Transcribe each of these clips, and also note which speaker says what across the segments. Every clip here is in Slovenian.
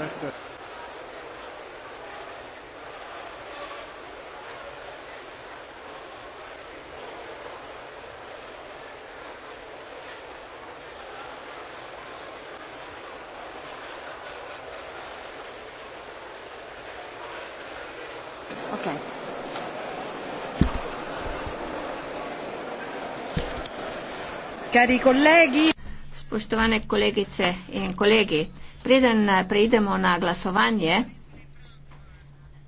Speaker 1: Dakle. Okay. Cari colleghi, spoštovane kolegice in kolegi. Preden eh, preidemo na glasovanje,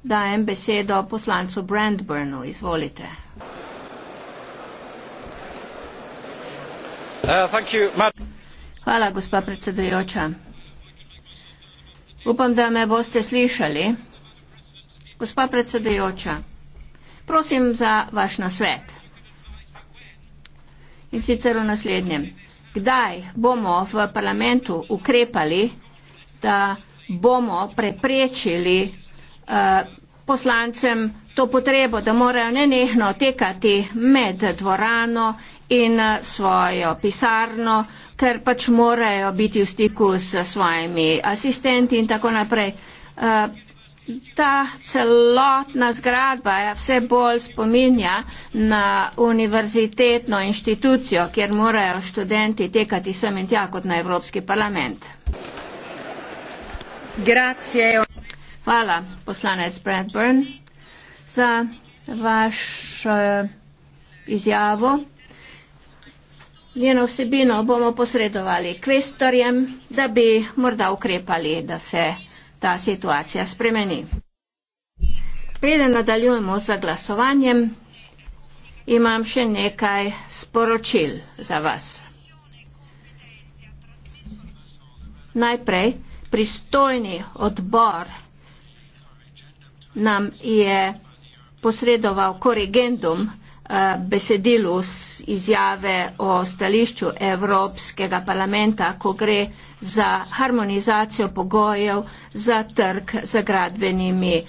Speaker 1: dajem besedo poslancu Brandburnu. Izvolite. Uh, Hvala, gospa predsedujoča. Upam, da me boste slišali. Gospa predsedujoča, prosim za vaš nasvet. In sicer v naslednjem. Kdaj bomo v parlamentu ukrepali, da bomo preprečili eh, poslancem to potrebo, da morajo nenehno tekati med dvorano in eh, svojo pisarno, ker pač morajo biti v stiku s svojimi asistenti in tako naprej. Eh, ta celotna zgradba je ja, vse bolj spominja na univerzitetno inštitucijo, kjer morajo študenti tekati sem in tja kot na Evropski parlament. Hvala, poslanec Bradburn, za vaš eh, izjavo. Njeno vsebino bomo posredovali kvestorjem, da bi morda ukrepali, da se ta situacija spremeni. Preden nadaljujemo z glasovanjem, imam še nekaj sporočil za vas. Najprej, pristojni odbor nam je posredoval korigendum eh, besedilu izjave o stališču Evropskega parlamenta, ko gre za harmonizacijo pogojev za trg z gradbenimi eh,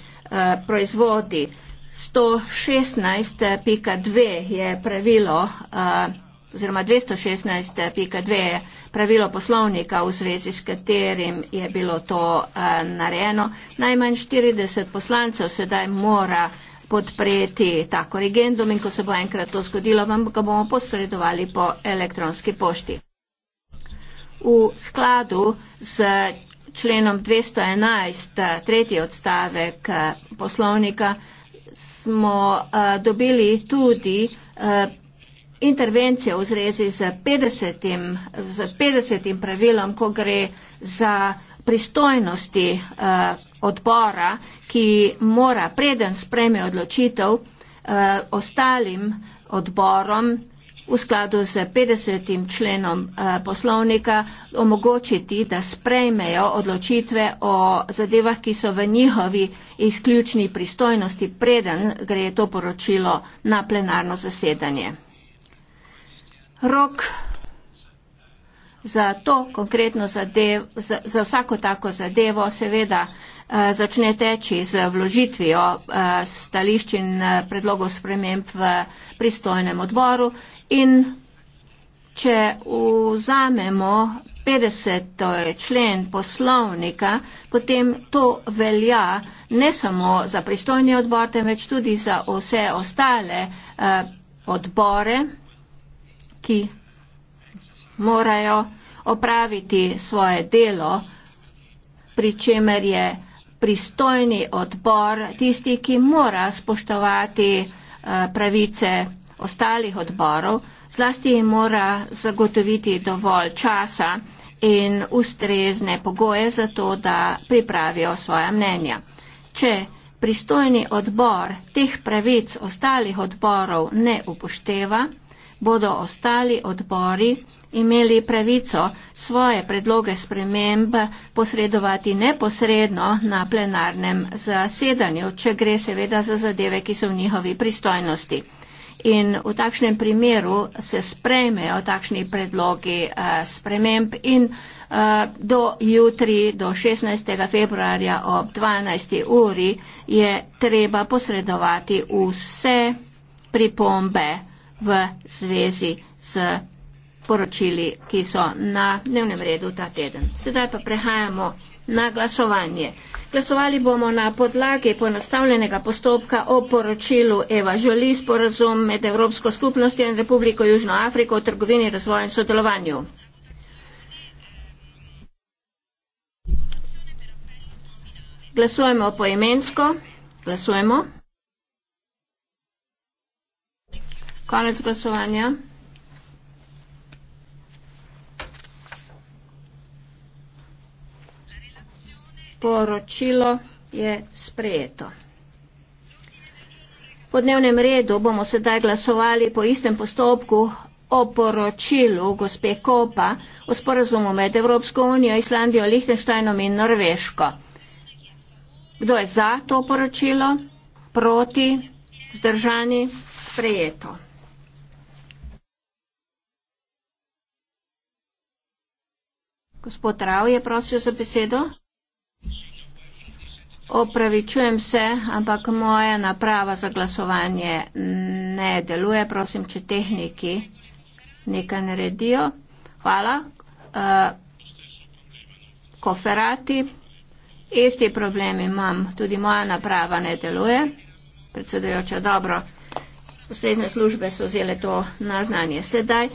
Speaker 1: proizvodi. 116.2 eh, je pravilo oziroma 216.2 pravilo poslovnika, v zvezi s katerim je bilo to eh, narejeno. Najmanj 40 poslancev sedaj mora podpreti tako regendum in ko se bo enkrat to zgodilo, vam ga bomo posredovali po elektronski pošti. V skladu z členom 211. Eh, tretji odstavek eh, poslovnika smo a, eh, dobili tudi a, intervencije v zrezi z 50, z 50 pravilom, ko gre za pristojnosti eh, odbora, ki mora preden spreme odločitev eh, ostalim odborom v skladu z 50. členom eh, poslovnika omogočiti, da sprejmejo odločitve o zadevah, ki so v njihovi izključni pristojnosti, preden gre to poročilo na plenarno zasedanje. Rok za to konkretno zadevo, za, za vsako tako zadevo seveda eh, začne teči z vložitvijo eh, stališč in eh, predlogov sprememb v pristojnem odboru in če vzamemo 50. člen poslovnika, potem to velja ne samo za pristojni odbor, temveč tudi za vse ostale eh, odbore ki morajo opraviti svoje delo, pri čemer je pristojni odbor tisti, ki mora spoštovati eh, pravice ostalih odborov, zlasti mora zagotoviti dovolj časa in ustrezne pogoje za to, da pripravijo svoja mnenja. Če pristojni odbor teh pravic ostalih odborov ne upošteva, bodo ostali odbori imeli pravico svoje predloge sprememb posredovati neposredno na plenarnem zasedanju, če gre seveda za zadeve, ki so v njihovi pristojnosti. In v takšnem primeru se sprejmejo takšni predlogi eh, sprememb in eh, do jutri, do 16. februarja ob 12. uri je treba posredovati vse pripombe v zvezi s poročili, ki so na dnevnem redu ta teden. Sedaj pa prehajamo na glasovanje. Glasovali bomo na podlagi ponastavljenega postopka o poročilu Eva Žoli sporazum med Evropsko skupnostjo in Republiko Južno Afriko o trgovini, razvoju in sodelovanju. Glasujemo poimensko. Glasujemo. Konec glasovanja. Poročilo je sprejeto. Po dnevnem redu bomo sedaj glasovali po istem postopku o poročilu gospe Kopa o sporazumu med Evropsko unijo, Islandijo, Lihtenštajnom in Norveško. Kdo je za to poročilo? Proti? Zdržani? Sprejeto. Gospod Rav je prosil za besedo. Opravičujem se, ampak moja naprava za glasovanje ne deluje. Prosim, če tehniki nekaj naredijo. Hvala. Uh, koferati. Isti problem imam. Tudi moja naprava ne deluje. Predsedujoča, dobro. Ustrezne službe so vzele to na znanje sedaj.